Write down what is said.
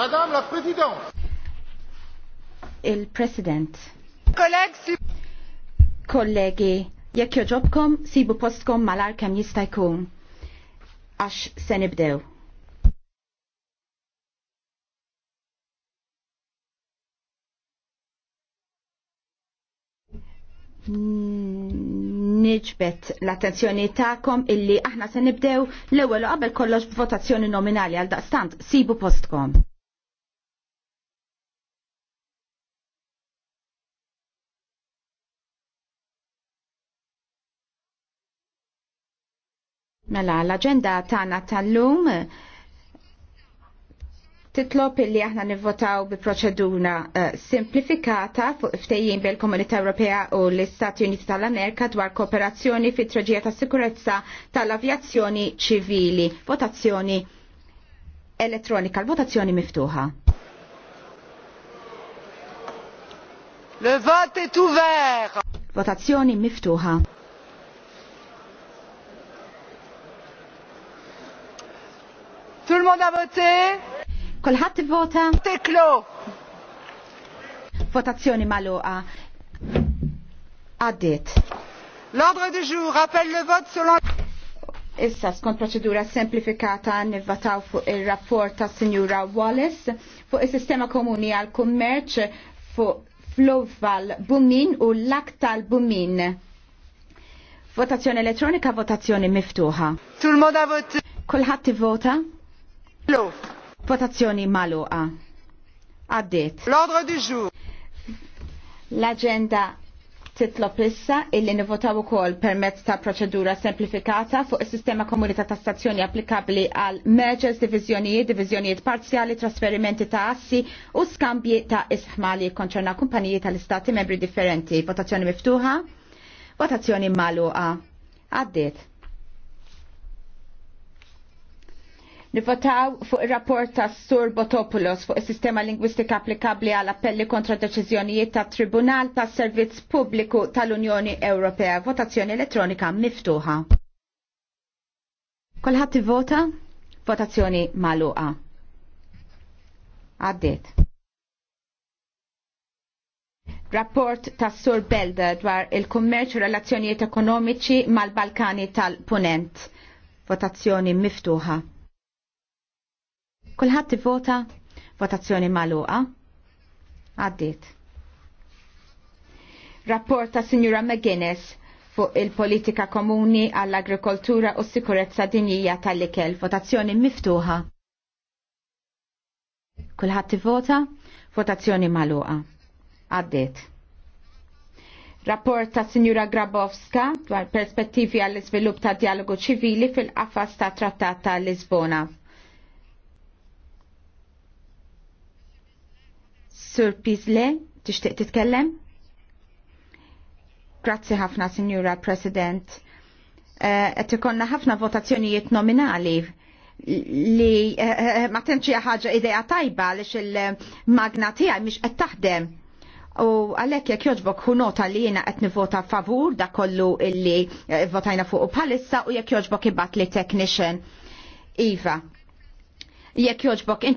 Madame la Présidente. Il-President. Kollegi. jekk joġobkom, sibu postkom malar kem jista' jkun. Għax se nibdew. Nġbet l-attenzjoni ta'kom illi aħna se nibdew l-ewwel qabel kollox b'votazzjoni nominali għal daqstant sibu postkom. Mela, l-agenda tagħna tal-lum titlob illi aħna nivvotaw bi proċedura uh, simplifikata fuq ftejjin bil komunità Ewropea u l-Istati Uniti tal-Amerika dwar kooperazzjoni fit traġija ta' sikurezza tal-avjazzjoni ċivili. Votazzjoni elettronika, l-votazzjoni miftuħa. Le vote est ouvert. Votazzjoni miftuħa. voté? Kolħat vota? Tiklu! Votazzjoni maluqa. Għaddit. L'ordre du jour rappelle le vote selon... Issa, skont proċedura semplifikata nivvataw fuq il-rapport ta' Signora Wallace fuq il-sistema komuni għal-kummerċ fuq flowval bumin u l-aktal bumin. Votazzjoni elettronika, votazzjoni miftuħa. Tul moda vot. Kulħadd ivvota? Votazzjoni a. Għaddit. L-ordre du jour. L-agenda titlob issa illi nivotaw ukoll permezz ta' proċedura semplifikata fuq is-sistema komunità ta' stazzjoni applikabbli għal mergers, divizjonijiet, diviżjonijiet parzjali, trasferimenti ta' assi u skambji ta' isħmali konċerna kumpaniji tal-istati membri differenti. Votazzjoni miftuħa, votazzjoni maluqa. Għaddiet. Nivotaw fuq il-rapport ta' Sur Botopoulos fuq il-sistema lingwistika applikabli għal appelli kontra deċiżjonijiet ta' Tribunal ta' Servizz Pubbliku tal-Unjoni Ewropea. Votazzjoni elettronika miftuħa. Kolħat vota? Votazzjoni maluqa. Għaddit. Rapport ta' Sur Belda dwar il-kummerċ u relazzjonijiet ekonomiċi mal-Balkani tal-Punent. Votazzjoni miftuħa. Kulħadd tivvota votazzjoni magħluqa. Għaddiet. Rapport ta' Sinjura McGuinness fuq il-politika komuni għall-agrikoltura u sikurezza dinjija tal-ikel. Votazzjoni miftuħa. Kulħadd tivvota, votazzjoni magħluqa. Għaddiet. Rapport ta' Sinjura Grabowska dwar perspettivi għall-iżvilupp ta' dialogu ċivili fil-qafas ta' Trattat ta' Lisbona. Sur Pizle, tixtieq titkellem? Grazzi ħafna, Signora President. Eh, qed ikonna ħafna votazzjonijiet nominali li eh, eh, ma tenċi ħaġa idea tajba għaliex il-magna tiegħi miex qed taħdem. U għalek jek joġbok hu nota li jena qed vota favur da kollu illi votajna fuq bħalissa u jek joġbok ibat li technician. Iva, jek joġbok